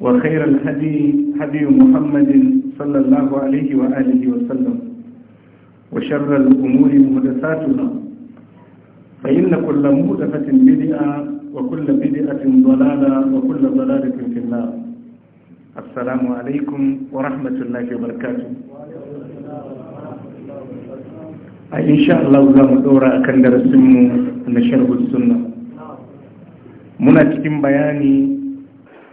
وخير الهدي هدي محمد صلى الله عليه وآله وسلم وشر الأمور مهدساتنا فإن كل مهدفة بدئة وكل بدئة ضلالة وكل ضلالة في النار السلام عليكم ورحمة الله وبركاته إن شاء الله زام دورا أكن درسمه نشره السنة muna cikin bayani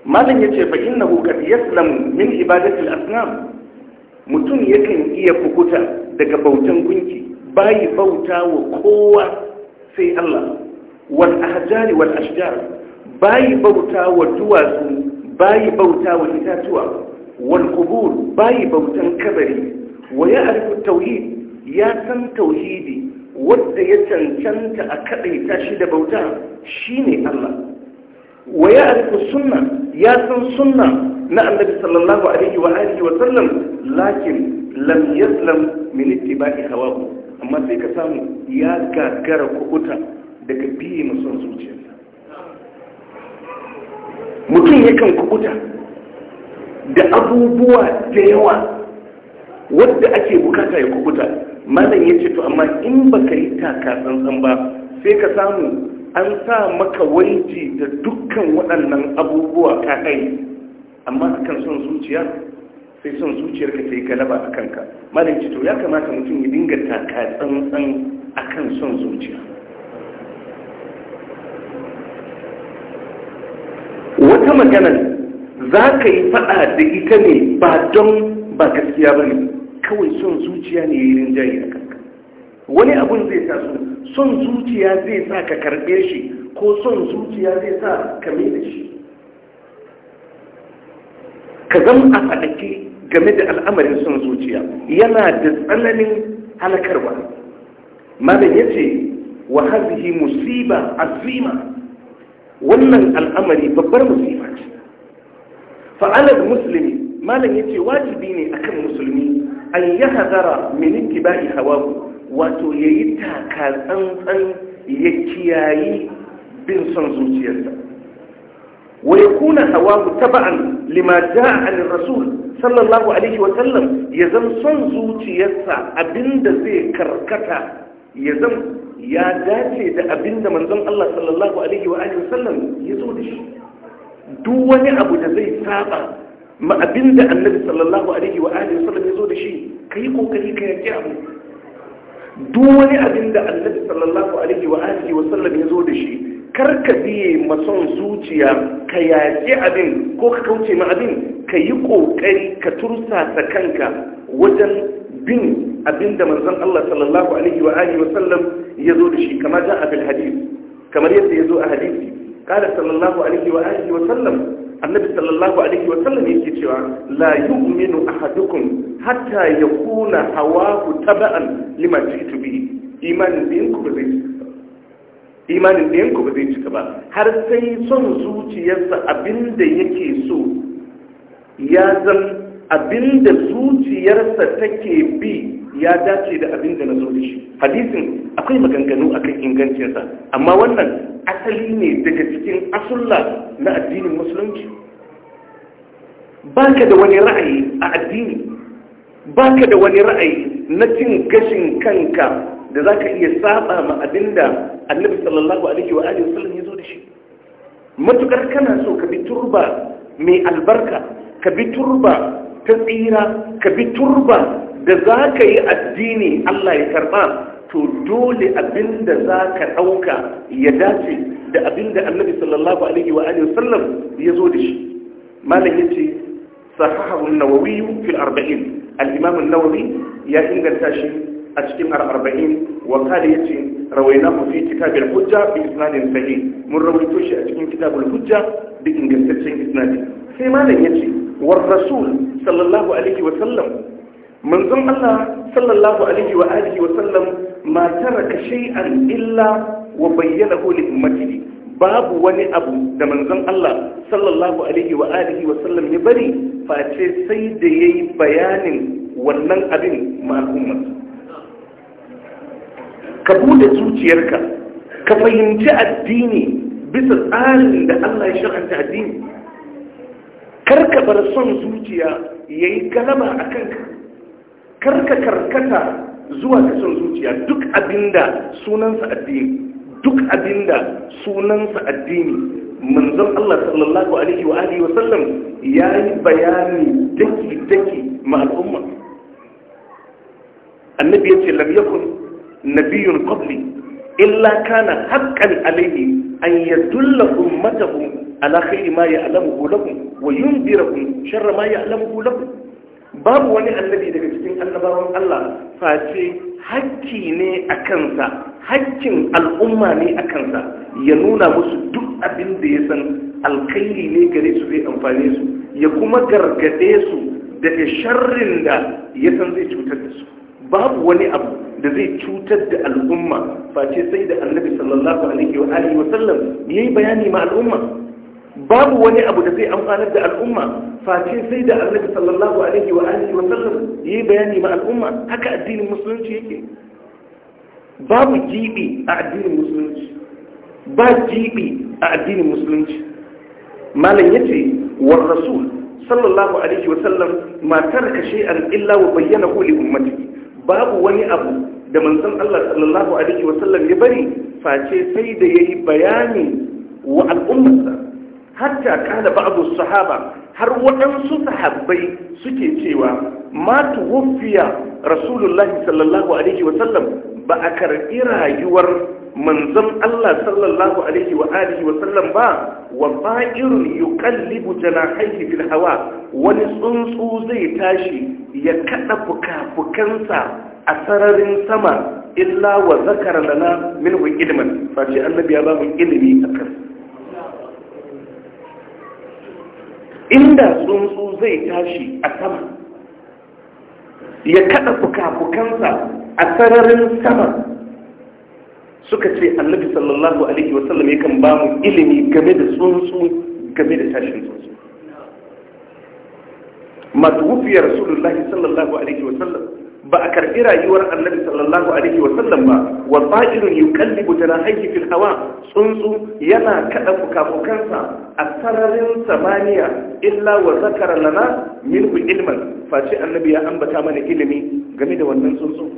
malam yace fa innahu qad yaslamu min ibadati al-asnam mutum yakan iya fukuta daga bautan gunki bayi bauta kowa sai Allah wal ahjari wal ashjar bayi bautawa wa duwatsu bayi bauta wa itatuwa wal qubur bayi bautan kabari wa ya'rifu tauhid ya san tauhidi wanda ya cancanta a kadaita shi da bauta shine Allah wa ya arifu sunna ya san sunna na annabi sallallahu alaihi wa alihi wa sallam lakin lam yaslam min ittiba'i hawahu amma sai ka samu ya gagara kuɓuta daga biye mason zuciyarsa mutum yakan kubuta da abubuwa da yawa wadda ake bukata ya kubuta malam ya ce to amma in baka yi taka tsantsan ba sai ka samu an sa maka wanci da dukkan waɗannan abubuwa ka kai amma akan son zuciya sai son zuciyar ka sai galaba a kanka malam to ya kamata mutum ya dinga taka tsantsan akan son zuciya wata magana za ka yi faɗa da ita ne ba don ba gaskiya ba ne kawai son zuciya ne ya yi rinjaye a kan wani abun zai taso son zuciya zai sa ka karbe shi ko son zuciya zai sa ka da shi ka zama a faɗake game da al'amarin son zuciya yana da tsananin halakarwa malam ya ce wa hazihi musiba azima wannan al'amari babbar musiba ce fa'alar musulmi malam ya ce wajibi ne akan musulmi an yi hazara min hawa hawaku wato ya yi taka tsantsan ya kiyayi bin son zuciyarsa Wai ya kuna hawa taba'an lima ja'a an rasul sallallahu alaihi wa sallam ya zan son zuciyarsa abinda zai karkata ya zan ya dace da abinda manzon Allah sallallahu alaihi wa alihi wasallam ya zo da shi duk wani abu da zai saba ma abinda annabi sallallahu alaihi wa alihi wasallam ya zo da shi kai kokari ka yaki abu duk wani abin da annabi sallallahu alaihi wa alihi wa sallam ya zo da shi kar ka biye mason zuciya ka yaje abin ko ka kauce ma abin ka yi kokari ka tursa ta kanka wajen bin abin da manzon Allah sallallahu alaihi wa alihi wa sallam ya zo da shi kamar da abin hadisi kamar yadda ya zo a hadisi kada sallallahu alaihi wa alihi wa sallam annabi sallallahu alaihi wa sallam yake cewa la yu'minu ahadukum hatta ya kuna hawa ku taba'an da jitu bi imanin da ba ba ba zai cika ba har sai son zuciyarsa abinda yake so ya zan abinda zuciyarsa take bi ya dace da abinda na zo da shi hadisin akwai maganganu akan ingancinsa amma wannan asali ne daga cikin asulla na addinin musulunci ba ka da wani ra'ayi a addini Ba ka da wani ra'ayi na cin gashin kanka da za ka iya saba ma abinda annabi sallallahu alaihi wa alihi wasallam ya zo da shi matukar kana so ka bi turba mai albarka ka bi turba ta tsira ka bi turba da za ka yi addini Allah ya karba to dole abinda za ka ɗauka ya dace da abinda annabi sallallahu alaihi wa alihi wasallam ya zo da shi malam yace sahahu an-nawawi fil arba'in al-imam ya inganta shi a cikin arba'in wa kada yace rawainahu fi kitab al-hujja bi isnadin sahih mun rawaito shi a cikin kitab al-hujja bi ingantaccen isnadi sai malam yace war rasul sallallahu alaihi wa sallam manzon Allah sallallahu alaihi wa alihi wa sallam ma taraka shay'an illa wa bayyanahu li ummatihi babu wani abu da manzon Allah sallallahu alaihi wa alihi wa sallam ya bari face sai da yayi bayanin wannan abin ma ka bude zuciyarka ka fahimci addini bisa tsarin da Allah ya shar'anta addini karka bar son zuciya yayi galaba akan ka karka karkata zuwa ga son zuciya duk abinda sunansa addini duk abinda sunansa addini manzon Allah sallallahu alaihi wa alihi wa sallam yayi bayani daki daki ma al'umma annabi yace lam yakun nabiyyun qabli illa kana haqqan alaihi an yadulla ummatahu ala khayri ma ya'lamuhu lakum wa yunzirakum sharra ma ya'lamuhu lakum babu wani annabi daga cikin annabawan Allah face hakki ne a kansa hakkin al'umma ne a kansa ya nuna musu duk abin da ya san alkhairi ne gare su zai amfane su ya kuma gargade su daga sharrin da ya san zai cutar da su babu wani abu da zai cutar da al'umma face sai da annabi sallallahu alaihi wa sallam yayi bayani ma al'umma babu wani abu da zai amfanar da al'umma face sai da annabi sallallahu alaihi wa alihi wa sallam yi bayani ma al'umma haka addinin musulunci yake babu jibi a addinin musulunci ba jibi a addinin musulunci malam yace war rasul sallallahu alaihi wa sallam ma taraka shay'an illa wa bayyana li ummati babu wani abu da manzon Allah sallallahu alaihi wa sallam ya bari face sai da yayi bayani wa al'ummarsa hatta kala ba'du sahaba har waɗansu sahabbai suke cewa ma tuwfiya rasulullahi sallallahu alaihi wa sallam ba a karɓi rayuwar manzon Allah sallallahu alaihi wa alihi wa sallam ba wa fa'irun yuqallibu janahihi fil hawa wani tsuntsu zai tashi ya kada fukafukansa a sararin sama illa wa zakara lana minhu ilman fa annabi ya ba mu ilimi akan inda tsuntsu zai tashi a sama ya kada fuka-fukansa a sararin sama suka ce annabi sallallahu alaihi wasallam yakan ba mu ilimi game da tsuntsu game da tashin tsuntsu matuwufiyar rasulullahi sallallahu alaihi wasallam ba a karɓi rayuwar annabi sallallahu alaihi wa sallam ba wa fa'ilun yuqallibu janahihi fil hawa tsuntsu yana kada fukafukansa a sararin samaniya illa wa zakara lana minhu ilman face annabi ya ambata mana ilimi game da wannan tsuntsu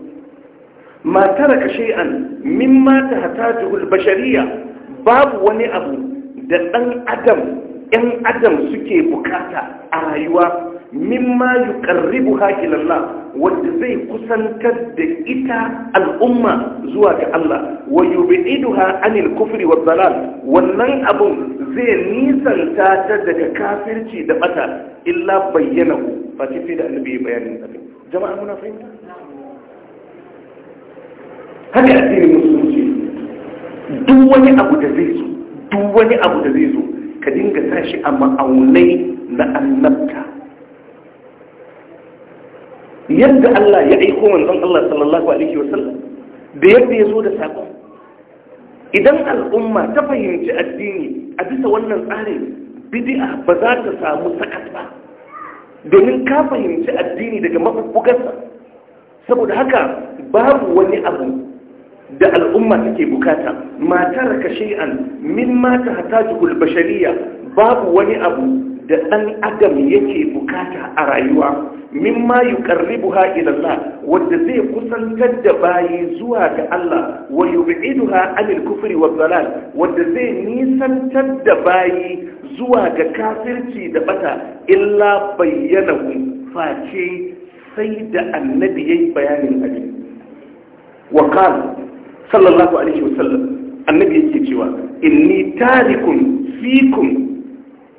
ma taraka shay'an mimma tahtaju basharia, babu wani abu da dan adam ‘yan adam suke bukata a rayuwa mimma yuqarribu hakil Allah wanda zai kusantar da ita al'umma zuwa ga Allah wa yub'iduha anil kufri wa dalal wannan abun zai nisanta ta daga kafirci da bata illa bayyana fa sai da annabi bayanin abin jama'a muna fahimta haka addinin musulunci duk wani abu da zai zo duk wani abu da zai zo ka dinga tashi a ma'aunai na annabta yadda Allah ya aiko manzon Allah sallallahu alaihi wasallam da yadda ya zo da sakon idan al'umma ta fahimci addini a bisa wannan tsarin bid'a ba za ta samu sakat ba domin ka fahimci addini daga mafubugarsa saboda haka babu wani abu da al'umma take bukata matar ka shi'an min ma ta hataju babu wani abu da ɗan adam yake bukata a rayuwa mimma yuqarribuha ila Allah wanda zai kusantar da bayi zuwa ga Allah wa yub'iduha anil kufri wa dhalal wanda zai nisantar da bayi zuwa ga kafirci da bata illa bayyanahu face sai da annabi yayi bayanin abin wa qala sallallahu alaihi wa wasallam annabi yake cewa inni tarikun fikum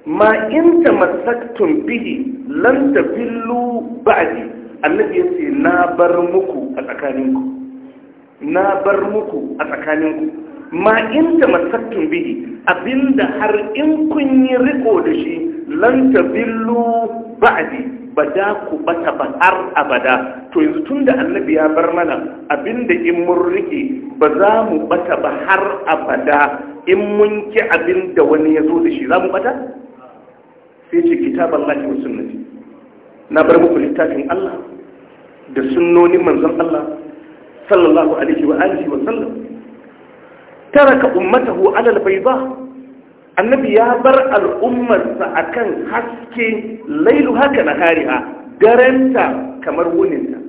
ma in tamassaktum bihi lan tafillu ba'di annabi yace na bar muku a tsakaninku na bar muku a tsakaninku ma in tamassaktum bihi abinda har in kun yi riko da shi lan tafillu ba'di ba da ku bata ba har abada to yanzu tun da annabi ya bar mana abinda in mun rike ba za mu bata ba har abada in mun ki abinda wani ya zo da shi za mu bata sai ce kitaban lahi wa sunnati na bar muku littafin Allah da sunnonin manzon Allah sallallahu alaihi wa alihi wa sallam taraka ummatahu ala albayda annabi ya bar al'ummarsa akan haske lailu haka na hariha darenta kamar wuninta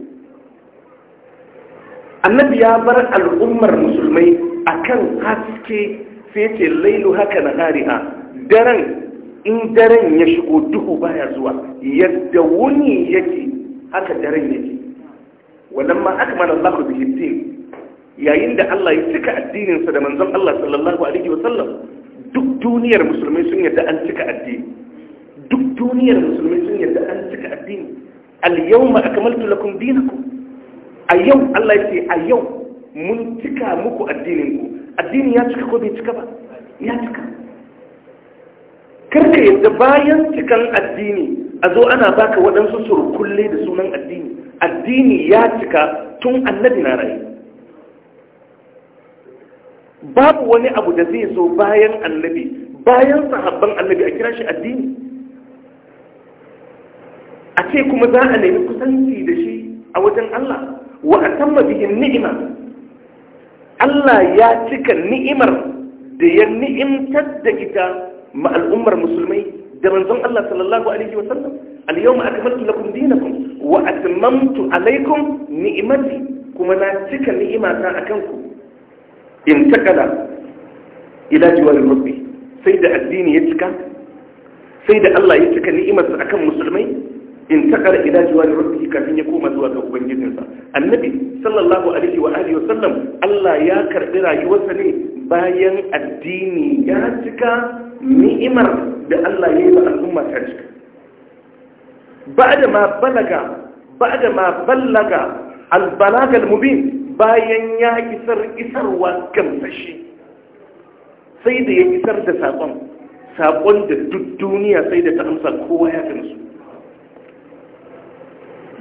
annabi ya bar al'ummar musulmai akan haske sai ce lailu haka na hariha daren in daren ya shigo duhu baya zuwa yadda wuni yake haka daren yake walamma akmala Allahu bihi din yayin da Allah ya cika addininsa da manzon Allah sallallahu alaihi wa sallam duk duniyar musulmai sun yadda an cika addini duk duniyar musulmai sun yadda an cika addini al-yawma akmaltu lakum dinakum a yau Allah ya ce a yau mun cika muku addininku addini ya cika ko bai cika ba ya cika karka yadda bayan cikan addini a zo ana baka waɗansu surkulle da sunan addini addini ya cika tun annabi na rayu babu wani abu da zai zo bayan annabi bayan sahabban annabi a kira shi addini a ce kuma za a nemi kusanci da shi a wajen Allah wa a tamma bihin ni'ima Allah ya cika ni'imar da ya ni'imtar da ita ma al'ummar musulmai da manzon Allah sallallahu alaihi wa sallam al-yawma akmaltu lakum dinakum wa atmamtu alaykum ni'mati kuma na cika ni'imata akan ku in takala ila jiwarin rabbi sai da addini ya cika sai da Allah ya cika ni'imarsa akan musulmai in takala ila jiwarin rabbi kafin ya koma zuwa ga ubangijinsa annabi sallallahu alaihi wa alihi wa sallam Allah ya karbi rayuwarsa ne bayan addini ya cika ni'imar da Allah ya yi wa al'umma ta cika ba'da ma balaga da ma balaga al-balagha al-mubin bayan ya isar isarwa gamsashi sai da ya isar da sakon sakon da duk duniya sai da ta amsa kowa ya gamsu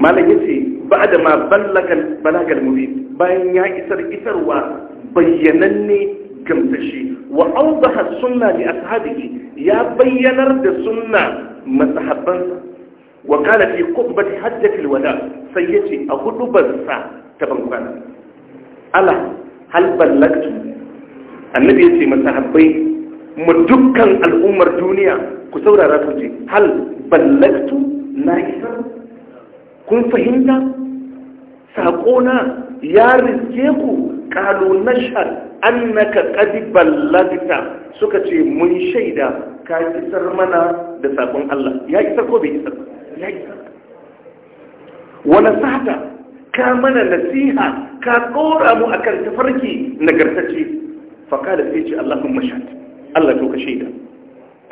malam yace ba'da ma balaga al al-mubin bayan ya isar isarwa bayyananne gamsashi wa awdaha sunna li ashabihi ya bayyanar da sunna masahabbansa wa kana fi khutbati hajjatil wada sai yace a hudubarsa ta bankwana ala hal ballagtu annabi yace masahabbai mu dukkan al'ummar duniya ku saurara ku ce. hal ballagtu na isa, kun fahimta saƙona ya riske ku ƙalu nashar annaka ƙadibar ballagta suka ce mun shaida ka isar mana da sakon Allah ya isar ko bai isar ya isar wala sata ka mana nasiha ka tsora mu akan tafarki nagartacce fa kada sai ce Allahumma shahid Allah to ka shaida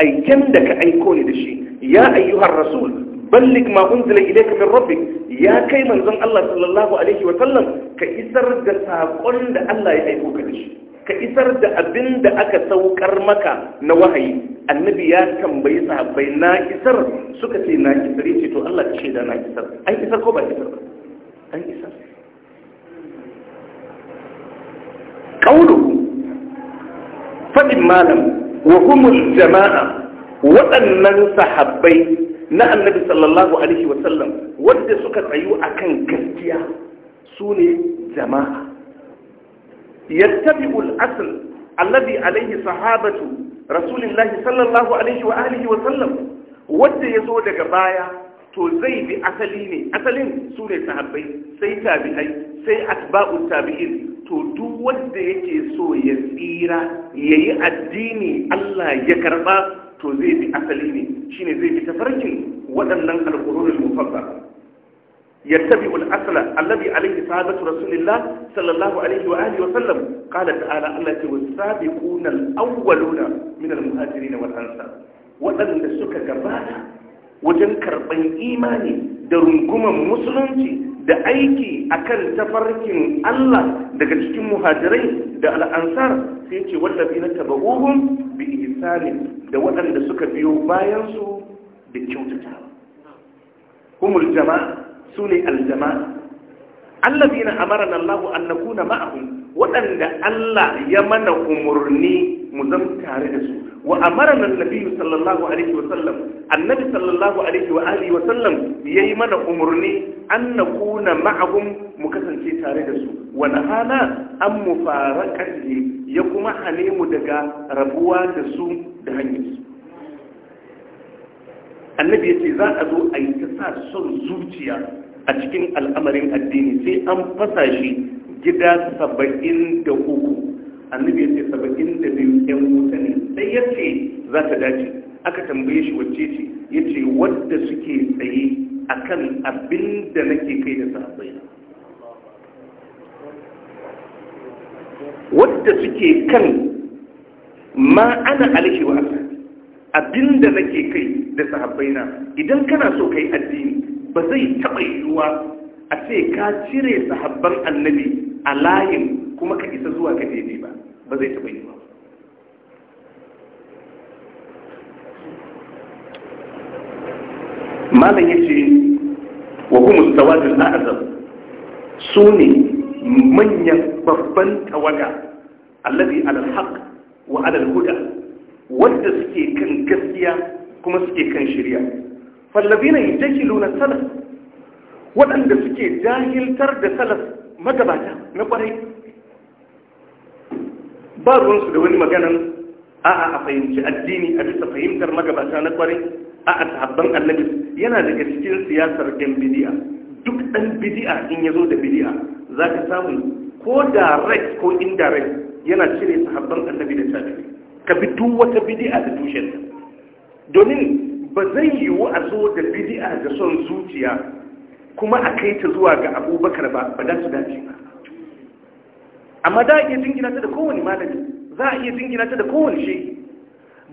aiken da ka aiko ni da shi ya ayyuhar rasul ballik ma unzila ilayka min rabbik ya kai manzon Allah sallallahu alaihi wa sallam ka isar da sakon da Allah ya aiko ka dashi ka isar da abin da aka saukar maka na wahayi annabi ya tambayi sahabbai na isar suka ce na isar ce to Allah ka shaida na isar an isar ko ba isar ba an isar kauluhu fadin malam wa humul jama'a waɗannan sahabbai na annabi sallallahu alaihi wasallam wadda suka tsayu kan gaskiya su ne jama'a yattabi'u al-asl alladhi alaihi sahabatu rasulillahi sallallahu alaihi wa alihi wa sallam wadda yazo daga baya to zai bi asali ne asalin su ne sahabbai sai tabi'ai sai atba'u tabi'in to duk wanda yake so ya tsira yayi addini Allah ya karba to zai bi asali ne shi ne zai bi tafarkin waɗannan alƙururin mufarka ya tabi al’asala allabi alaihi sahabatu rasulillah sallallahu alaihi wa alihi wa sallam kala ta'ala allah ce wa sabiqun al-awwaluna min al waɗanda suka gabata wajen karɓan imani da runguman musulunci da aiki akan tafarkin Allah daga cikin muhajirai da al'ansar sai ce wallafi na tabahuhun bi ihsanin da waɗanda suka biyo bayansu da kyautata humul jama'a su ne aljama'a allazi na amara na Allah an nakuna ma'ahum waɗanda Allah ya mana umarni mu zama tare da su wa amara nan nabi sallallahu alaihi wa sallam annabi sallallahu alaihi wa alihi wa sallam yayi mana umurni an kuna ma'ahum mu kasance tare da su wa nahana an mufaraqati ya kuma hane mu daga rabuwa da su da hanyar su annabi yace za a zo a yi ta sa son zuciya a cikin al'amarin addini sai an fasa shi gida saba'in da uku annabi ya ce saba'in da biyu yan wuta ne sai ya ce za ta dace aka tambaye shi wacce ce ya ce wadda suke tsaye kan abin da nake kai da sahabbai wadda suke kan ma ana alaihi abin da nake kai da sahabbai idan kana so kai addini ba zai taɓa yiwuwa a ce ka cire sahabban annabi a layin kuma ka isa zuwa ga daidai ba ba zai taɓa yi ba malam ya ce wa kuma tawadul a'azam su ne manyan babban tawaga allazi alal haq wa alal huda suke kan gaskiya kuma suke kan shirya fallabina na salaf waɗanda suke jahiltar da salaf magabata na ƙwarai ba ruwansu da wani maganan a'a a fahimci addini a bisa fahimtar magabata na kwarai a'a sahabban annabi yana daga cikin siyasar ɗan bidiya duk ɗan bidi'a in ya zo da bidi'a za ka samu ko direct ko indirect yana cire sahabban annabi da tabi ka bi duk wata bidi'a da tushenta domin ba zai yiwu a zo da bidi'a da son zuciya kuma a kai ta zuwa ga abubakar ba ba za su dace ba amma za a iya jingina ta da kowane malami za a iya jingina ta da kowane shi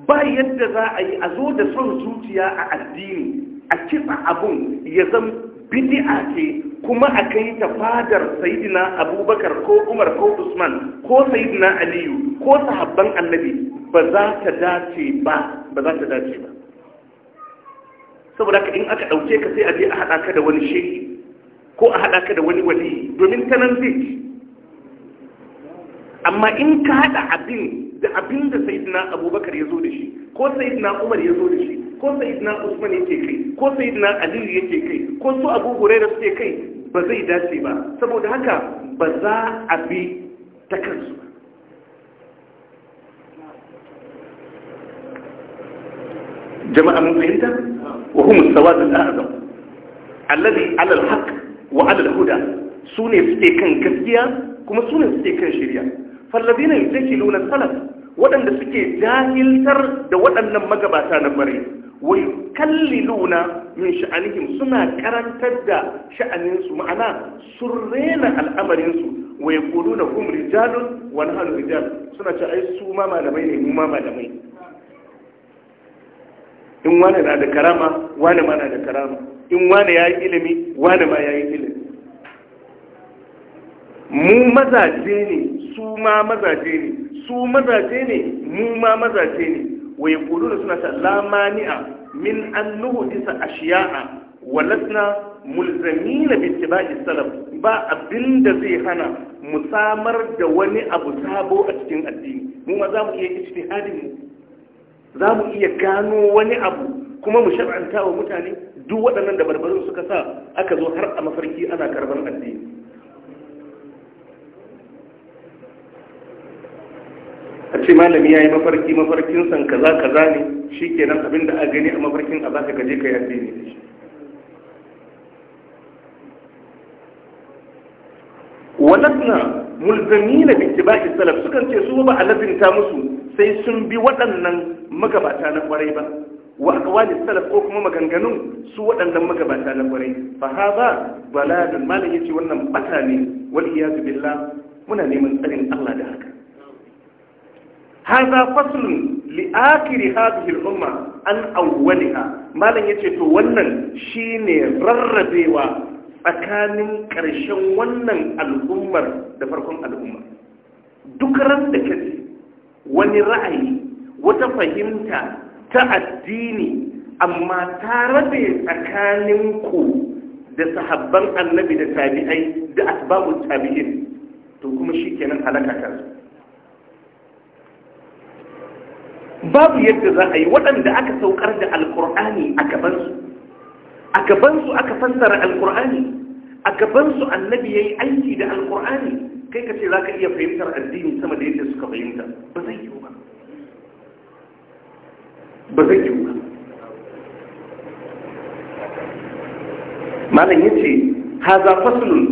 ba yadda za a yi a zo da son zuciya a addini a kitsa abun ya zan zama a ke, kuma a kai ta fadar sayidina abubakar ko umar ko usman ko sayidina aliyu ko sahabban annabi ba za ta dace ba ba za ta dace ba saboda ka in aka ɗauke ka sai a je a haɗa ka da wani shehi ko a haɗa ka da wani wali domin ta nan zai amma in ka haɗa abin da abin da sayidina abubakar ya zo da shi ko sayidina umar ya zo da shi ko sayidina usman yake kai ko sayidina aliyu yake kai ko su abu huraira suke kai ba zai dace ba saboda haka ba za a bi ta kansu ba jama'a mun fahimta wa hum sawad al-a'zam alladhi 'ala al-haqq wa 'ala al-huda sune suke kan gaskiya kuma sune suke kan shari'a fallazina nuna salaf waɗanda suke jahiltar da waɗannan magabata na mare wai kalliluna min sha'anihim suna karantar da sha'aninsu ma'ana sun rena al'amarinsu wai kuluna hum rijalun wa nahnu rijal suna ce ai su ma malamai ne mu ma malamai in wane na da karama wane ma na da karama in wane ya yi ilimi wane ma ya yi ilimi mu mazaje ne su ma mazaje ne su mazaje ne mu ma mazaje ne wa yaquluna suna ta la mani'a min an A ashiya'a walasna mulzamina bi tibai salaf ba abinda zai hana mu samar da wani abu sabo a cikin addini mu ma za mu iya ijtihadin mu za mu iya gano wani abu kuma mu shar'anta wa mutane duk waɗannan da barbarun suka sa aka zo har a mafarki ana karban addini a ce malami ya yi mafarki mafarkin san kaza kaza ne shi abin da a gani a mafarkin a za ka gaje ka yi addini da shi waɗannan mulzami na baki salaf sukan ce su ba a lazinta musu sai sun bi waɗannan magabata na ƙwarai ba wa aqwali salaf ko kuma maganganun su waɗannan magabata na ƙwarai fa da baladun ya ce wannan bata ne wal iyad billah muna neman tsarin Allah da haka haza faslun li akiri hadhihi al-umma an awwaliha malam ya ce to wannan shine rarrabewa tsakanin ƙarshen wannan al'ummar da farkon al'umma duk ran da kace wani ra'ayi wata fahimta ta addini amma ta rabe tsakanin ku da sahabban annabi da tabi'ai da asbabul tabi'in to kuma kenan halaka kansu babu yadda za a yi waɗanda aka saukar da alkur'ani a gabansu a gabansu aka fassara alkur'ani a gabansu annabi ya yi aiki da alkur'ani kai ka ce za ka iya fahimtar addini sama da yadda suka fahimta ba zai yiwu ba ba zai yiwu ba malam ya ce haza fasulun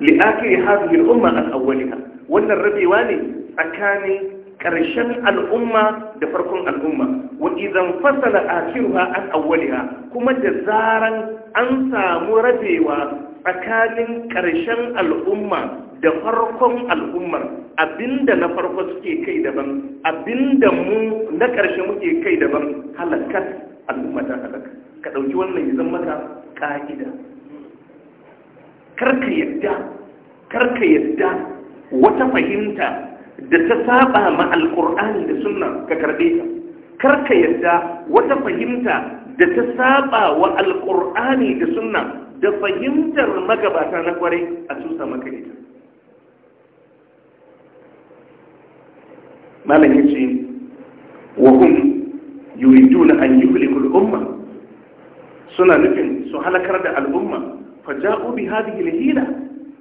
li'akiri hazin umma an awwaliha wannan rabewa ne tsakanin ƙarshen al'umma da farkon al'umma wa idan fasala akhiruha an awwaliha kuma da zaran an samu rabewa tsakanin ƙarshen al'umma da farkon al'ummar abinda na farko suke kai daban abinda mu na ƙarshe muke kai daban halakat al'umma ta halaka ka ɗauki wannan ya zama maka ƙa'ida karka yadda karka yadda wata fahimta da ta saba ma alkur'ani da sunna ka karbe ta karka yadda wata fahimta da ta saba wa alkur'ani da sunna da fahimtar magabata na kwarai a tusa maka ita malam yace wa hum yuriduna an yuhliku al-umma suna nufin su halakar da al'umma fa ja'u bi hadhihi al-hila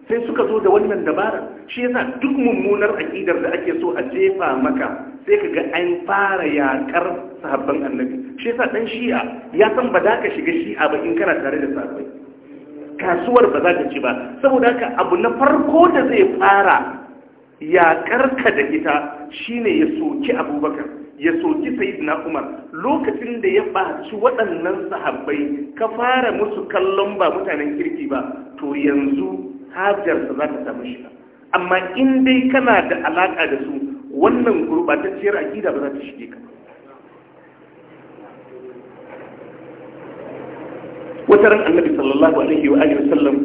sai suka zo da wannan dabara shi yasa duk mummunar aƙidar da ake so a jefa maka sai kaga an fara yakar sahabban annabi shi yasa dan shi'a ya san ba za ka shiga shi'a ba in kana tare da sahabbai kasuwar ba za ka ci ba saboda haka abu na farko da zai fara yakar ka da ita shine ya soki abubakar ya soki sayyidina umar lokacin da ya baci waɗannan sahabbai ka fara musu kallon ba mutanen kirki ba to yanzu hajarsa za ta samu shiga amma in dai kana da alaƙa da su wannan gurɓatacciyar aƙida ba za ta shige ka wata ran annabi sallallahu alaihi wa alihi wasallam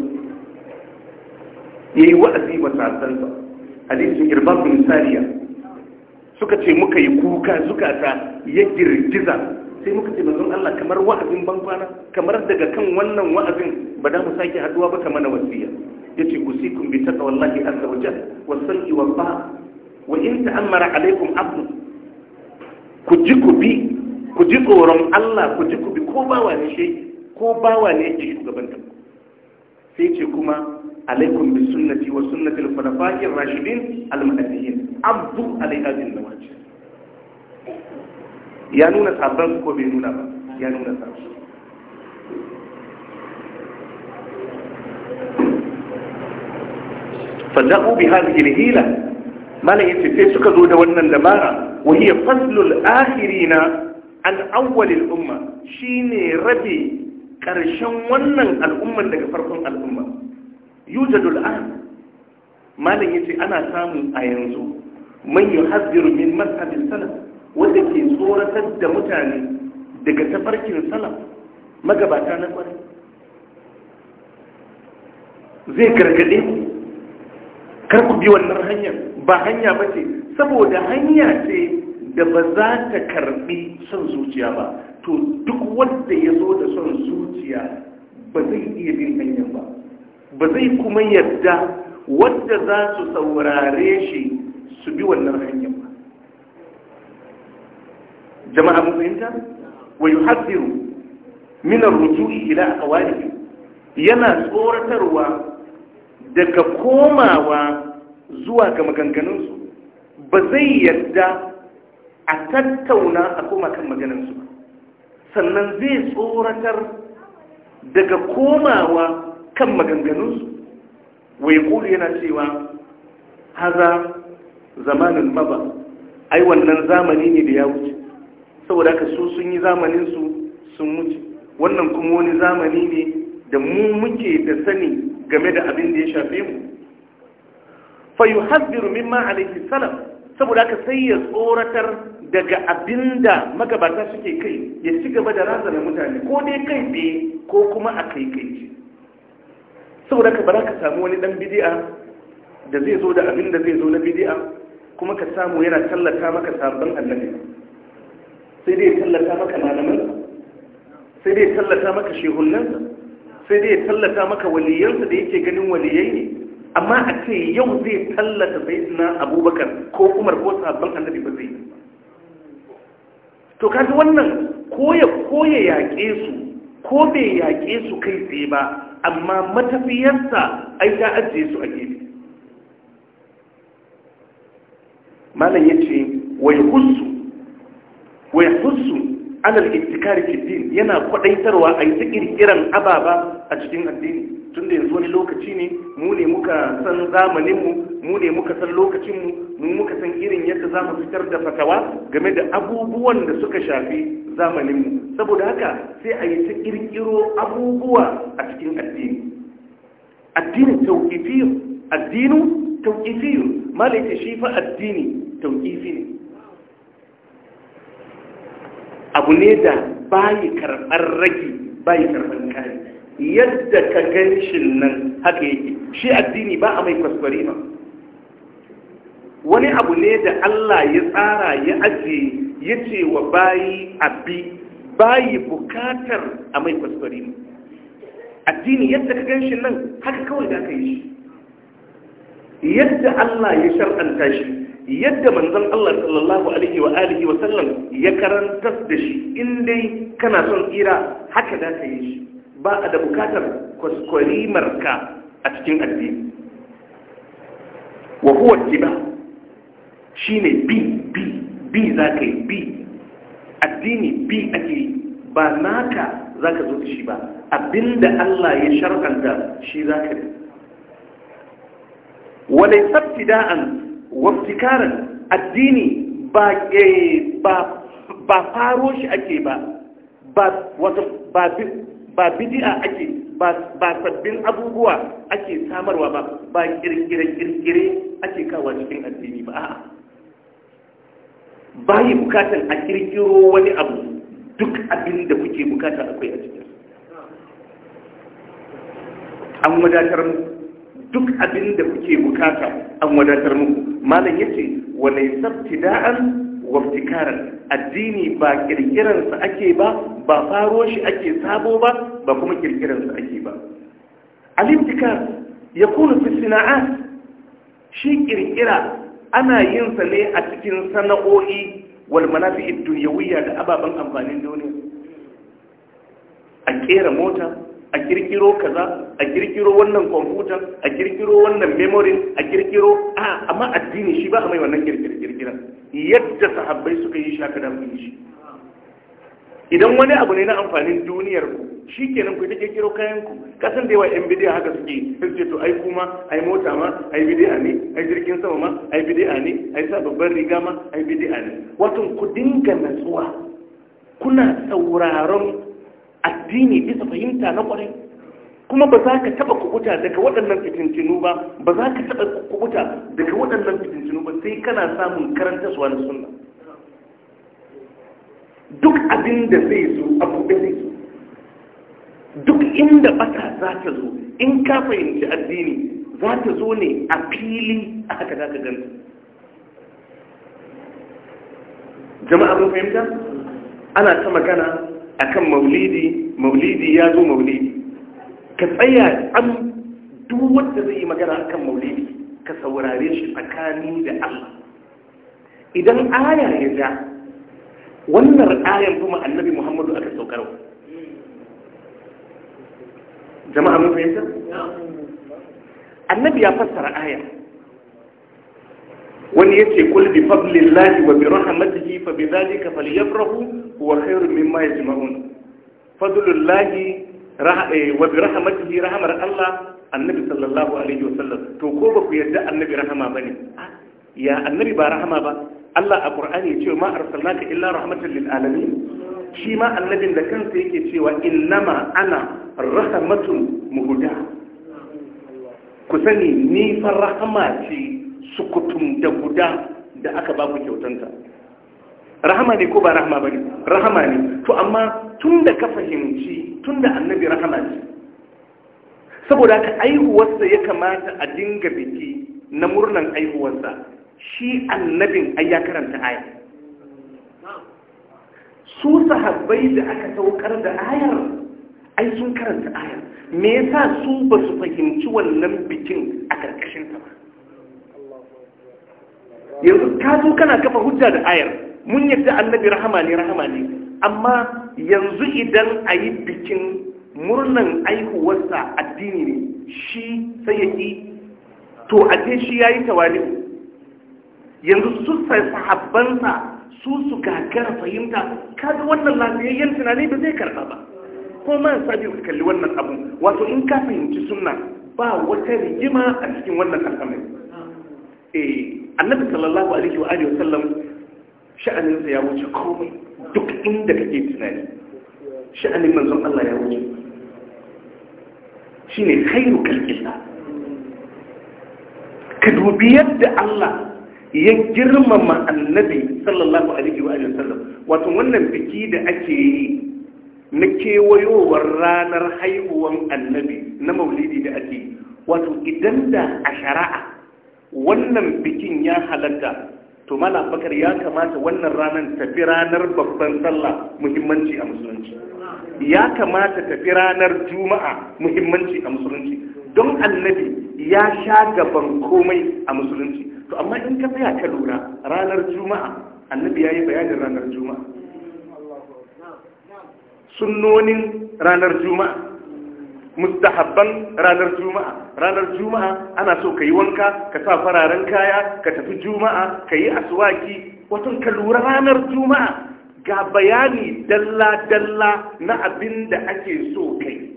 yayi wa'azi wa sahabbansa hadisin irbab bin sariya suka ce muka yi kuka zukata ya girgiza sai muka ce manzon Allah kamar wa'azin ban kwana kamar daga kan wannan wa'azin ba da mu sake haduwa ba kamar na wasiya yace usikum bi taqwallahi azza wa jalla was-sayyi wal-ba'a wa in ta'ammara alaykum 'abdu ku ji ku bi ku ji tsoron Allah ku ji ku bi ko bawa ne shi ko ba wa ne yake shugaban ku sai ce kuma alaikum bi sunnati wa sunnati al-khulafa'i ar-rashidin al-mahdiyyin abdu alayha bin nawajib ya nuna sabban ko bai nuna ba ya nuna sabban fada'u bi hadhihi al-hila malam yace sai suka zo da wannan dabara wa hiya faslul akhirina an awwal al-umma shine rabi karshen wannan al'umman daga farkon al'umma yujadul an malam yace ana samun a yanzu man yuhaddiru min mazhabin salaf wanda ke tsoratar da mutane daga tafarkin salaf magabata na kwarai zai gargade kar ku bi wannan hanyar ba hanya ba ce saboda hanya ce da ba za ta karbi son zuciya ba to duk wanda ya zo da son zuciya ba zai iya bin hanyar ba ba zai kuma yadda wanda za su saurare shi su bi wannan hanyar ba jama'a mun fahimta wa yuhaddiru min ar-ruju'i ila aqwalihi yana tsoratarwa daga komawa zuwa ga maganganunsu ba zai yarda a tattauna a koma kan maganansu sannan zai tsoratar daga komawa kan maganganunsu wai kuri yana cewa haza zamanin maba ai wannan zamani ne da ya wuce saboda haka su sun yi zamaninsu sun wuce wannan kuma wani zamani ne da mu muke da sani game da abin da ya shafe mu fa yuhadhiru mimma alayhi salam saboda haka sai ya tsoratar daga abinda magabata suke kai ya ci gaba da razana mutane ko dai kai tsaye ko kuma a kai kai ce saboda ka bara ka samu wani dan bidi'a da zai zo da abin da zai zo na bidi'a kuma ka samu yana tallata maka sabon annabi sai dai tallata maka malaman sai dai tallata maka shehunan sai dai ya tallata maka waliyansa da yake ganin waliyai ne amma a ce yau zai tallata sayyidina abubakar ko umar ko sabon annabi ba zai to kaji wannan koya koya yaƙe su ko bai yaƙe su kai tsaye ba amma matafiyarsa ai ta ajiye su a gefe malam ya ce wai wai alal ittikari fi din yana kwadaitarwa a yi kirkiran ababa a cikin addini tun da yanzu wani lokaci ne mu ne muka san zamaninmu mu ne muka san lokacinmu mu muka san irin yadda za mu fitar da fatawa game da abubuwan da suka shafi zamaninmu saboda haka sai a yi ta kirkiro abubuwa a cikin addini addini tauƙifiyu addinu tauƙifiyu malaita shi fa addini tauƙifi ne abu ne da bayi karɓar ragi bayi karɓar kari yadda ka gan shi nan haka yake shi addini ba a mai kwaskwari ba wani abu ne da Allah ya tsara ya ajiye ya ce wa bayi abi bayi bukatar a mai kwaskwari ba addini yadda ka gan shi nan haka kawai da aka yi shi yadda Allah ya shar'anta shi yadda manzon Allah sallallahu alaihi wa alihi wa sallam ya karantar da shi in dai kana son tsira haka da ta yi shi ba a da bukatar kwaskwarimar ka a cikin addini wa huwa tiba shine bi bi bi za ka yi bi addini bi ake ba naka za ka zo da shi ba abinda Allah ya shar'anta shi za ka yi wa laysa ibtida'an wabtikaran addini eh, ba ba faro shi ake ba ba bidi'a ake ba sabbin abubuwa ake samarwa ba ba kirkire-kirkire ake kawo cikin addini ba a'a yi bukatan a kirkiro wani abu duk abin da kuke bukata akwai a cikin an wadatar mu duk abin da kuke bukata an wadatar muku malam yace wala yasabtida'an waftikaran addini ba kirkiransa ake ba ba faro shi ake sabo ba ba kuma kirkiransa ake ba al ya yakunu fi sana'at shi kirkira ana yin sa ne a cikin sana'o'i wal manafi'id dunyawiyya da ababen amfanin duniya a kera mota a kirkiro kaza a kirkiro wannan kwamfuta a kirkiro wannan memory a kirkiro a amma addini shi ba a mai wannan kirkira yadda sahabbai suka yi shaka da mun shi idan wani abu ne na amfanin duniyar ku shi kenan ku ta kirkiro kayan ku kasan da yawa yan bidiya haka suke sun ce to ai kuma ai mota ma ai bidiya ne ai jirgin sama ma ai bidiya ne ai sa babban riga ma ai bidiya ne wato ku dinga natsuwa kuna sauraron addini bisa fahimta na kwarai kuma ba za ka taɓa kubuta daga waɗannan fitintinu ba ba za ka taɓa kubuta daga waɗannan fitintinu ba sai kana samun karanta suwa na suna duk abin da zai zo abu zai duk inda bata za ta zo in ka fahimci addini za ta zo ne a fili a haka za ka ganta jama'a mun fahimta ana ta magana akan maulidi maulidi ya zo maulidi ka tsaya an duk wanda zai yi magana akan maulidi ka saurare shi tsakani da Allah idan aya ya ja wannan ayan kuma annabi Muhammadu aka saukar jama'a mun fahimta annabi ya fassara aya wani ya yace kul bi fadlillahi wa bi rahmatihi fa bi dhalika falyafrahu huwa khairun mimma yajma'un fadlullahi eh, wa bi rahmatihi rahmar Allah annabi sallallahu alaihi wa sallam. to ko ba ku yarda annabi rahama bane ya annabi ba rahama ba Allah a Qur'ani ya ce ma arsalnaka illa rahmatan lil alamin shi ma annabin da kansa yake cewa innama ana rahmatun muhda ku sani ni fa rahama ce sukutum da guda da aka ba ku kyautanta rahama ne ko ba rahama ba ne rahama ne to amma tun da ka fahimci tun da annabi rahama ce saboda ka aihuwarsa ya kamata a dinga biki na murnan aihuwarsa shi annabin ai ya karanta aya su sahabbai da aka saukar da ayar ai sun karanta ayar me yasa su ba su fahimci wannan bikin a karkashin ta ba yanzu ka zo kana kafa hujja da ayar mun yadda annabi rahama ne rahama ne amma yanzu idan a yi bikin murnan aihuwarsa addini ne shi sai ya ƙi to a je shi ya yi tawali yanzu su sahabbansa su su gagara fahimta kaga wannan lafiyayyen tunani ba zai karɓa ba ko ma biyu ka kalli wannan abu wato in ka fahimci sunna ba wata rigima a cikin wannan al'amari eh, annabi sallallahu alaihi wa sallam sha'aninsa ya wuce komai duk inda kake tunani sha'anin manzon Allah ya wuce shine khairu kalkilla ka dubi yadda Allah ya girmama annabi sallallahu alaihi wa sallam wato wannan biki da ake yi na kewayowar ranar haihuwan annabi na maulidi da ake wato idan da a shari'a wannan bikin ya halatta to mala bakar ya kamata wannan ranar tafi ranar babban sallah muhimmanci a musulunci ya kamata tafi ranar juma'a muhimmanci a musulunci don annabi ya sha gaban komai a musulunci to amma in ka tsaya ka lura ranar juma'a annabi ya yi bayanin ranar juma'a sunnonin ranar juma'a mustahabban ranar juma'a ranar juma'a ana so ka yi wanka ka sa fararen kaya ka tafi juma'a ka yi asuwaki watan ka lura ranar juma'a ga bayani dalla-dalla na abin da ake so kai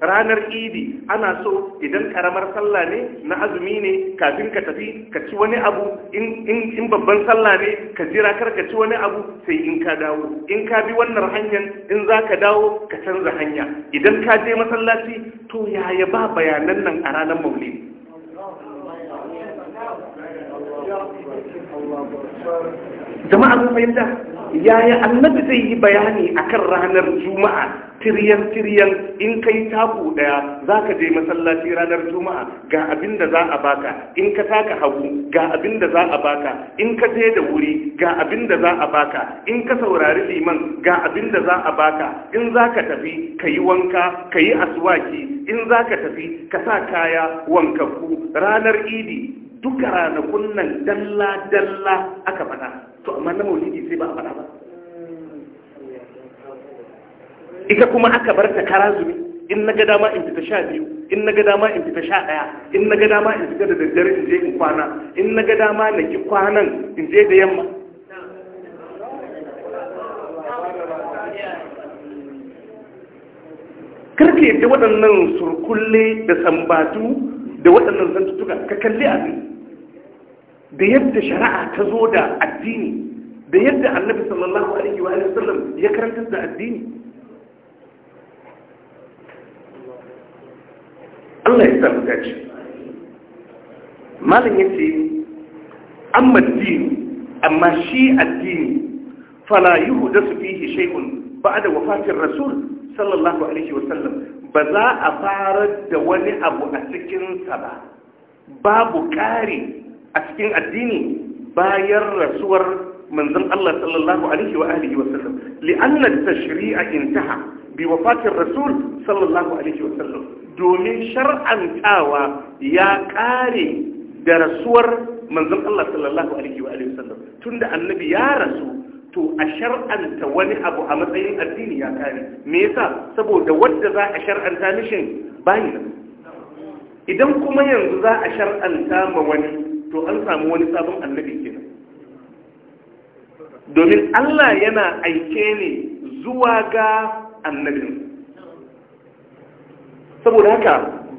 ranar idi ana so idan karamar sallah ne na azumi ne kafin ka tafi ka ci wani abu in babban sallah ne ka jira kar ka ci wani abu sai in ka dawo in ka bi wannan hanyar in za ka dawo ka canza hanya idan ka je masallaci to yaya ba bayanan nan a ranar maulidi jama'a mun fahimta yaya annabi zai yi bayani a kan ranar juma'a tiryan tiryen in kai taku daya za ka je masallaci ranar juma'a ga abin da za a baka in ka taka hagu ga abin da za a baka in ka je da wuri ga abin da za a baka in ka saurari liman ga abin da za a baka in ka tafi ka yi wanka ka yi aswaki in za ka tafi ka sa kaya wankakku ranar idi duka ranakun nan dalla-dalla aka fada to amma na maulidi sai ba a fada ba ita kuma aka bar ta kara zumi in na ga dama in fita sha biyu in na ga dama in fita sha ɗaya in na ga dama in fita da daddare in je in kwana in na ga dama na ki kwanan in je da yamma karka yadda waɗannan surkulle da sambatu da waɗannan zantuttuka ka kalli abin da yadda shari'a ta zo da addini da yadda annabi sallallahu alaihi wa sallam ya karantar da addini Allah ya samu dace malam yace amma addini amma shi addini fala yuhdasu fihi shay'un ba'da wafatir rasul sallallahu alaihi wa sallam ba za a fara da wani abu a cikinsa ba babu ƙari. a cikin addini bayan rasuwar manzan Allah sallallahu alaihi wa alihi wa sallam li'anna tashri'a intaha bi wafatin rasul sallallahu alaihi wa sallam domin shar'antawa ya kare da rasuwar manzan Allah sallallahu alaihi wa alihi wa sallam tunda annabi ya rasu to a shar'anta wani abu a matsayin addini ya kare me yasa saboda wadda za a shar'anta mishin bayin idan kuma yanzu za a shar'anta ma wani to an samu wani sabon annabi kenan domin Allah yana aike ne zuwa ga annabin saboda haka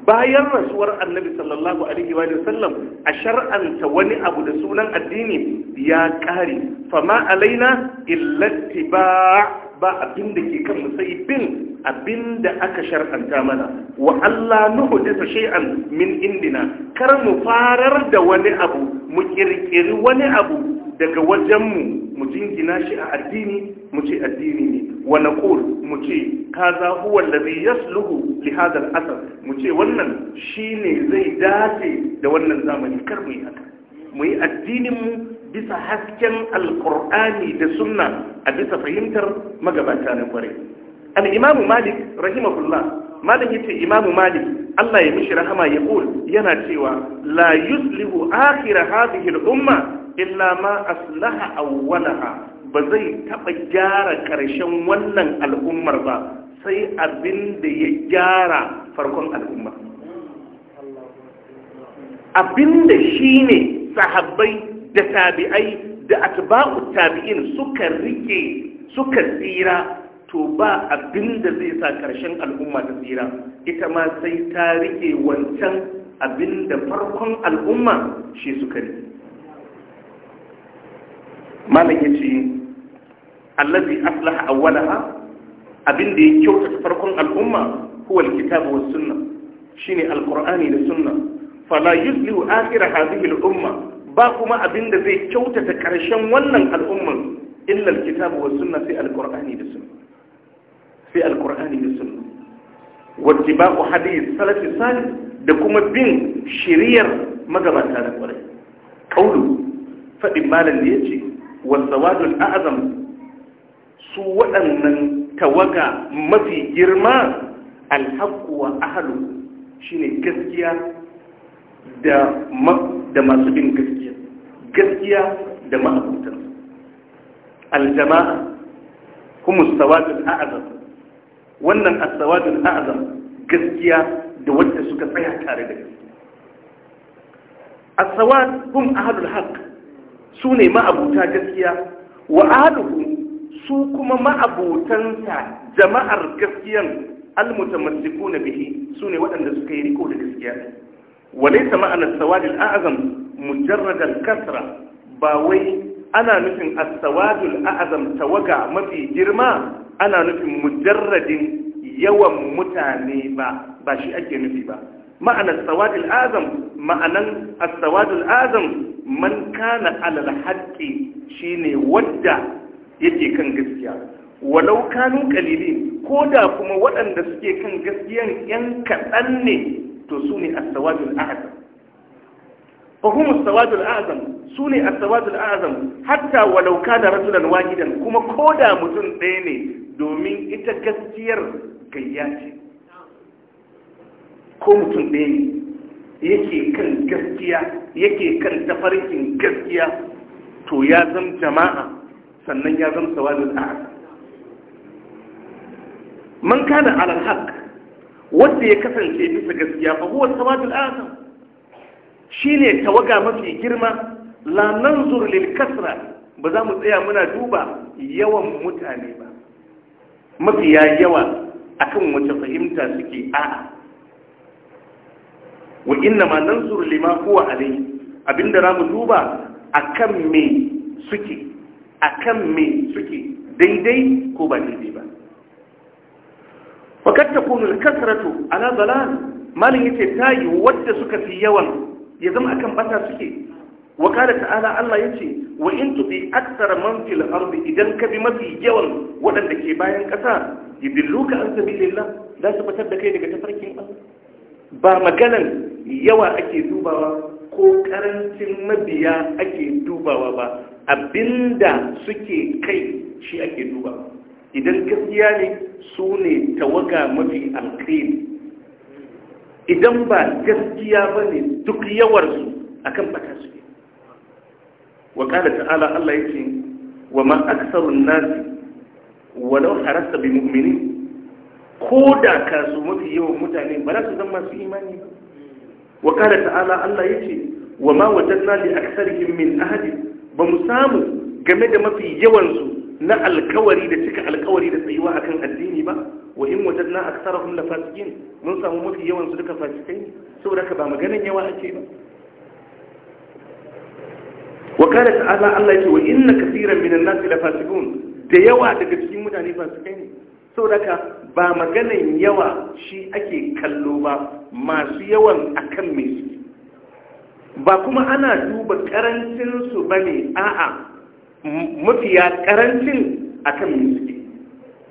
bayan rasuwar annabi sallallahu alaihi wa sallam a shar'anta wani abu da sunan addini ya kare fama alaina illatti ba ba abin da ke kan sai bin abinda aka shar'anta mana wa Allah nuhdithu shay'an min indina kar mu farar da wani abu mu ƙirƙiri wani abu daga wajenmu mu jingina shi a addini mu ce addini ne wa naqul mu ce kaza huwa alladhi yasluhu li hadha al mu ce wannan ne zai dace da wannan zamani kar mu yi haka mu yi addinin mu bisa hasken Alkur'ani da sunna a bisa fahimtar magabata na kwarai al-imam malik rahimahullah malam yace imam malik Allah ya mishi rahama ya kul yana cewa la yuslihu akhir hadhihi al illa ma aslaha awwalaha ba zai taɓa gyara ƙarshen wannan al'ummar ba sai abin da ya gyara farkon al'umma abin da shine sahabbai da tabi'ai da atba'u tabi'in suka rike suka tsira to ba abin da zai sa ƙarshen al'umma ta tsira ita ma sai ta rike wancan abin da farkon al'umma shi suka ne malam ya ce allazi aslaha awwalaha abin da ya kyautata farkon al'umma huwa alkitabu was sunna shine alqur'ani da sunna fala yuslihu akhir hadhihi al'umma ba kuma abin da zai kyautata karshen wannan al'umman illa alkitabu was sunna sai alqur'ani da sunna sai alkur'ani da sunna wattiba'u hadith salafi salih da kuma bin shiriyar magabata da kwarai kaulu fadin malam da yace wasawadul a'zam su waɗannan tawaga mafi girma alhaqqu wa shine gaskiya da da masu bin gaskiya gaskiya da ma'abutan aljama'a kuma sawadul wannan asawadun azam gaskiya da wanda suka tsaya tare da asawad hum ahlul su ne ma'abuta gaskiya wa su kuma ma'abutansa jama'ar gaskiyan almutamassikuna bihi su ne waɗanda suka yi riko da gaskiya walaysa ma'ana sawadil a'zam mujarrad al-kasra ba wai ana nufin as-sawadul a'zam tawaga mafi girma ana nufin mujarradin yawan mutane ba ba shi ake nufi ba ma'anar sawadul azam ma'anan as azam man kana alal haqqi shine wanda yake kan gaskiya walau kanu ko da kuma waɗanda suke kan gaskiyan yan kaɗan ne to su ne as asawadul azam فهم السواد الأعظم azam hatta الأعظم حتى ولو كان kuma ko da mutum ɗaya ne. domin ita gaskiyar gayya ce ko mutum ɗaya ne yake kan gaskiya yake kan tafarkin gaskiya to ya zan jama'a sannan ya zam sawadin a'ad man kana alal haq wanda ya kasance bisa gaskiya fa huwa sawadul shi shine tawaga mafi girma la nanzur lil kasra ba za mu tsaya muna duba yawan mutane ba mafiya yawa akan wace fahimta suke a'a wa inna ma nan nanzuru lima huwa alayhi abinda zamu duba kan me suke a kan me suke daidai ko ba daidai ba wakar ta kunu kasratu ala dalal malin yace yi wadda suka fi yawan ya zama akan bata suke wakala ta'ala Allah yace wa in tufi aktsara man fil ardi idan ka bi mafi yawan waɗanda ke bayan ƙasa yudilluka an sabilillah za su fitar da kai daga tafarkin ba maganan yawa ake dubawa ko karancin mabiya ake dubawa ba abinda suke kai shi ake duba. idan gaskiya ne su ne tawaga mafi alkhairi idan ba gaskiya ba ne duk yawarsu akan bata suke wa qala ta'ala Allah yake wa ma aktharun wa walau harasta bi mu'minin ko da ka su mafi yawan mutane ba za su zama su imani ba wa qala ta'ala Allah yake wa ma wajen wajadna li aktharihim min ahadi ba mu samu game da mafi yawansu na alkawari da cika alkawari da tsayuwa akan addini ba wa in wajadna aktharahum la fasiqin mun samu mafi yawansu duka fasikai saboda ka ba maganin yawa ake ba wa kada ta'ala Allah yake wa inna kaseeran minan nasi la fasikun da yawa daga cikin mutane fasikai ne saboda ba maganan yawa shi ake kallo ba masu yawan akan me ba kuma ana duba karancin su bane a'a mafiya karancin akan me suke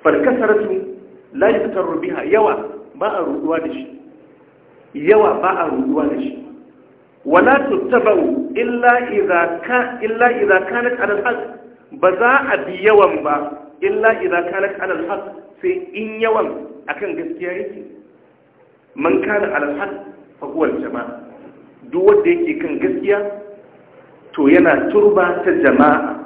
farkasaratu la yaftaru yawa ba a ruduwa da shi yawa ba a ruduwa da shi wala tuttaba'u illa idza ka illa idza kanat ala ba za a bi yawan ba illa idza kanat ala sai in yawan akan gaskiya yake man kana ala al fa huwa jamaa duk wanda yake kan gaskiya to yana turba ta jama'a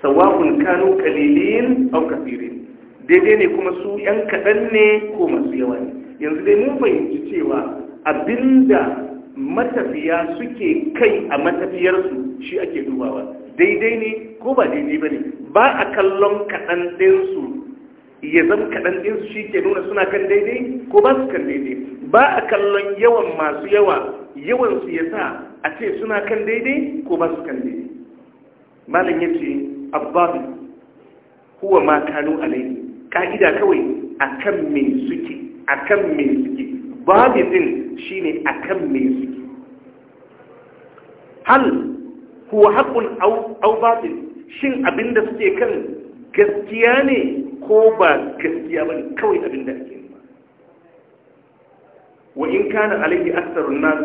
sawa'un kanu qalilin aw kathirin daidai ne kuma su yan kadan ne ko masu yawa ne yanzu dai mun fahimci cewa abinda matafiya suke kai a matafiyarsu shi ake dubawa daidai ne ko ba daidai ba ne ba a kallon kaɗan ɗinsu ya zama kaɗan ɗinsu shi ke nuna suna kan daidai ko ba su kan daidai ba a kallon yawan masu yawa yawansu ya sa a ce suna kan daidai ko ba su kan daidai malam ya ce abbabi huwa ma kano alai ka'ida kawai akan me suke me suke shi ne akan me suke hal kuwa haqqun aw aw batil shin abinda suke kan gaskiya ne ko ba gaskiya bane kawai abinda ake ba? wa in kana alaihi aktharun nas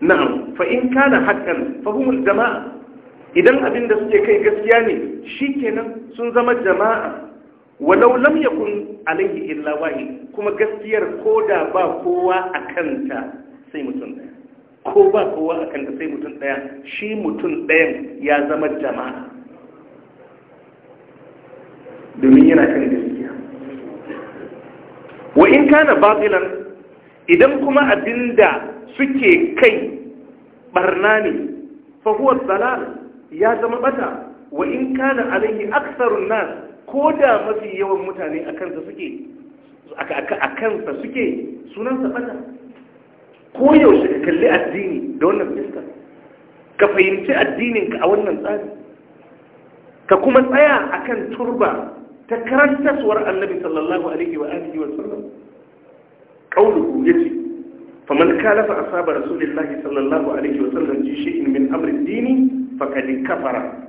na'am fa in kana haqqan fa jama'a idan abinda suke kai gaskiya ne shi kenan sun zama jama'a walau lam yakun alaihi illa wahi kuma gaskiyar ko da ba kowa a kanta sai mutum ɗaya ko ba kowa a kanta sai mutum ɗaya shi mutum ɗayan ya zama jama'a domin yana kan gaskiya wa in kana batilan idan kuma abinda suke kai barna ne fa huwa ya zama bata wa in kana alaihi aktsarun nas ko da mafi yawan mutane a kansa suke a kansa suke sunansa bata ko yaushe ka kalli addini da wannan fiskar ka fahimci addininka a wannan tsari ka kuma tsaya akan turba ta karantaswar annabi sallallahu alaihi wa alihi wa sallam qauluhu yace faman kalafa asaba rasulillahi sallallahu alaihi wa sallam ji shay'in min amri dini faqad kafara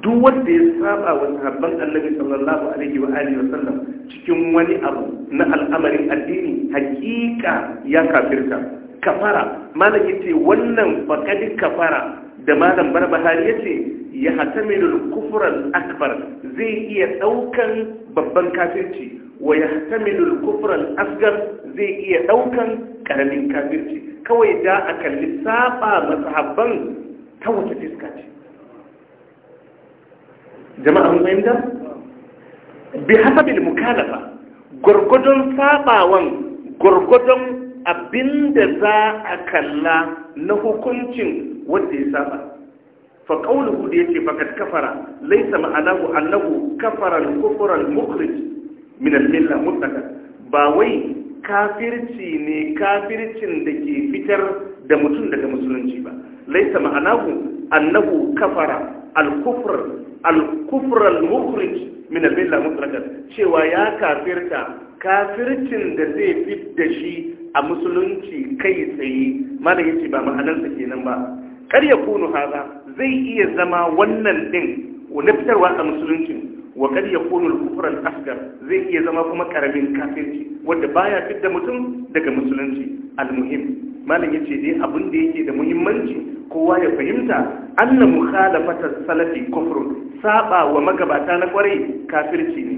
duk wanda ya saba wa sahabban Allah sallallahu alaihi wa alihi wa sallam cikin wani abu na al'amarin addini hakika ya kafirta kafara malam yace wannan faqad kafara da malam barbahari yace ya hatamilu kufra akbar zai iya daukan babban kafirci wa yahtamilu kufra asgar zai iya daukan karamin kafirci kawai da aka lissafa masahabban ta wata fiska ce jama'a mun fahimta bi hasabil mukalafa gurgudun sabawan gurgudun abinda za a kalla na hukuncin wanda ya saba fa qawluhu da yake fakat kafara laysa ma'anahu annahu kafara al-kufra al-mukhrij min al-milla mutlaqan ba wai kafirci ne kafircin da ke fitar da mutum daga musulunci ba laisa ma'anahu annahu kafara al-kufr al-kufr al-mukhrij min al-milla cewa ya kafirta kafircin da zai fidda shi a musulunci kai tsaye malam yace ba ma'anar sa kenan ba kar ya kunu haza zai iya zama wannan din na fitarwa a musulunci wa kar ya kunu al al-asghar zai iya zama kuma karamin kafirci wanda baya fidda mutum daga musulunci al-muhim malam yace dai abin da yake da muhimmanci kowa ya fahimta anna mukhalafata salafi kufrun saba wa magabata na kwarai kafirci ne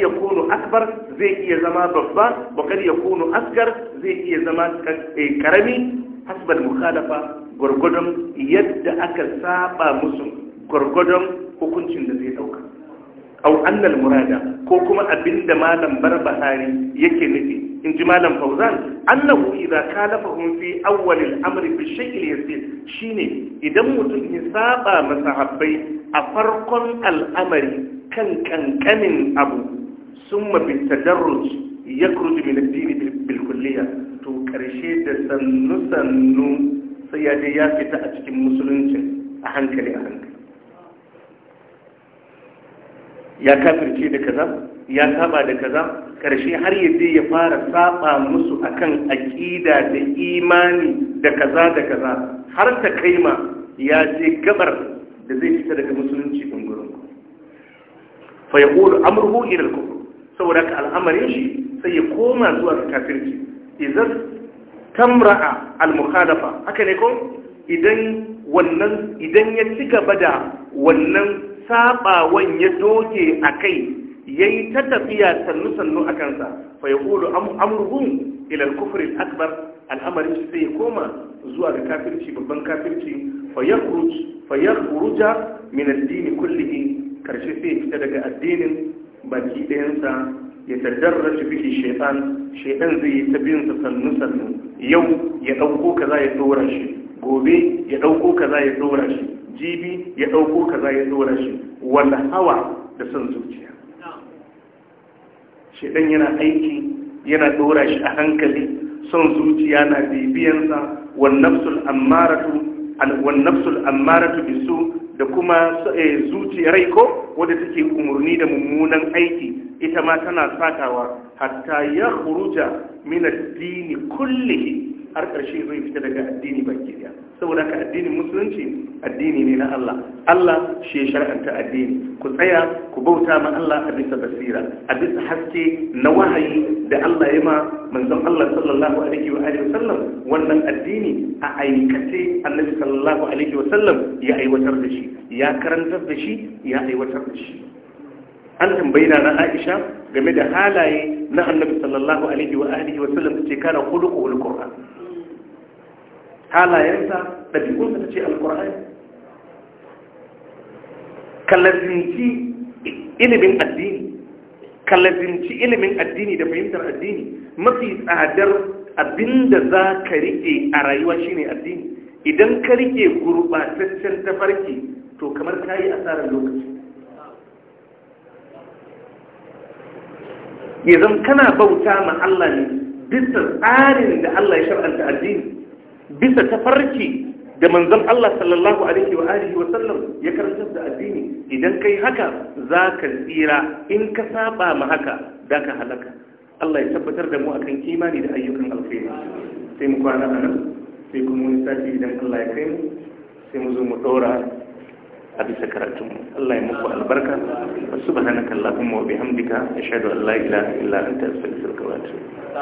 ya kunu akbar zai iya zama babba wa ya kunu asgar zai iya zama eh, karami hasbal mukhalafa gurgudun yadda aka saba musu gurgudun hukuncin da zai dauka au annal murada ko kuma abinda malam barbahari yake nufi in ji malam fauzan annahu idza kalafahum fi awwal al-amri bi shay'in yasir shine idan mutum ya saba masahabbai a farkon al'amari kan kankanin abu summa bi tadarruj yakhruju min ad-din bil kulliya to karshe da sannu sannu sai ya ya fita a cikin musulunci a hankali a hankali ya kafirce da kaza ya saba da kaza karshe har yaje ya fara saba musu akan aqida da imani da kaza da kaza har ta kaima ya je gabar da zai fita daga musulunci din gurin fa yaqulu amruhu ila al-kufr saboda ka al'amarin shi sai ya koma zuwa ga kafirci idan tamra'a al-mukhalafa haka ne ko idan wannan idan ya ci gaba da wannan saɓawan ya doke a kai ya yi ta tafiya sannu-sannu a kansa fa ya amurhun ilal kufurin akbar al'amarin su sai koma zuwa ga kafirci babban kafirci fa ya kuruja min addini kulli karshe sai fita daga addinin baki ɗayansa ya shi bihi shaitan shaitan zai yi ta bin sa sannu sannu yau ya dauko kaza ya dora shi gobe ya dauko kaza ya dora shi jibi ya dauko kaza ya dora shi wanda hawa da san zuciya shaitan yana aiki yana dora shi a hankali son zuciya na bibiyansa wannan nafsul ammaratu nafsul bisu da kuma eh, zuciyar ko wadda take umarni da mummunan aiki ita ma tana satawa hatta ya huruja min addini kullihi har ƙarshe zai fita daga addini baki daya saboda ka addinin musulunci addini ne na Allah Allah shi ya shar'anta addini ku tsaya ku bauta ma Allah a bisa basira a bisa haske na wahayi da Allah ya ma manzon Allah sallallahu alaihi wa alihi wasallam wannan addini a aikace Annabi sallallahu alaihi wasallam ya aiwatar da shi ya karantar da shi ya aiwatar da shi an tambayi na Aisha game da halaye na Annabi sallallahu alaihi wa alihi wasallam ce kana khuluqul Qur'an halayensa da dabi'unsa tace alqur'ani kallazimci ilimin addini ilimin addini da fahimtar addini mafi tsadar abinda za ka rike a rayuwa shine addini idan ka rike gurbataccen tafarki to kamar ka yi asarar lokaci ya kana bauta ma Allah ne bisa tsarin da Allah ya shar'anta addini bisa tafarki da manzan Allah sallallahu alaihi wa alihi wa sallam ya karanta da addini idan kai haka za ka tsira in ka saba ma haka da ka halaka Allah ya tabbatar da mu a kan kimani da ayyukan alfahari sai mu kwana a nan sai kuma wani sati idan Allah ya kai mu sai mu zo mu dora a bisa karatun mu Allah ya muku albarka subhanakallahumma wa bihamdika ashhadu an la ilaha illa anta astaghfiruka wa atubu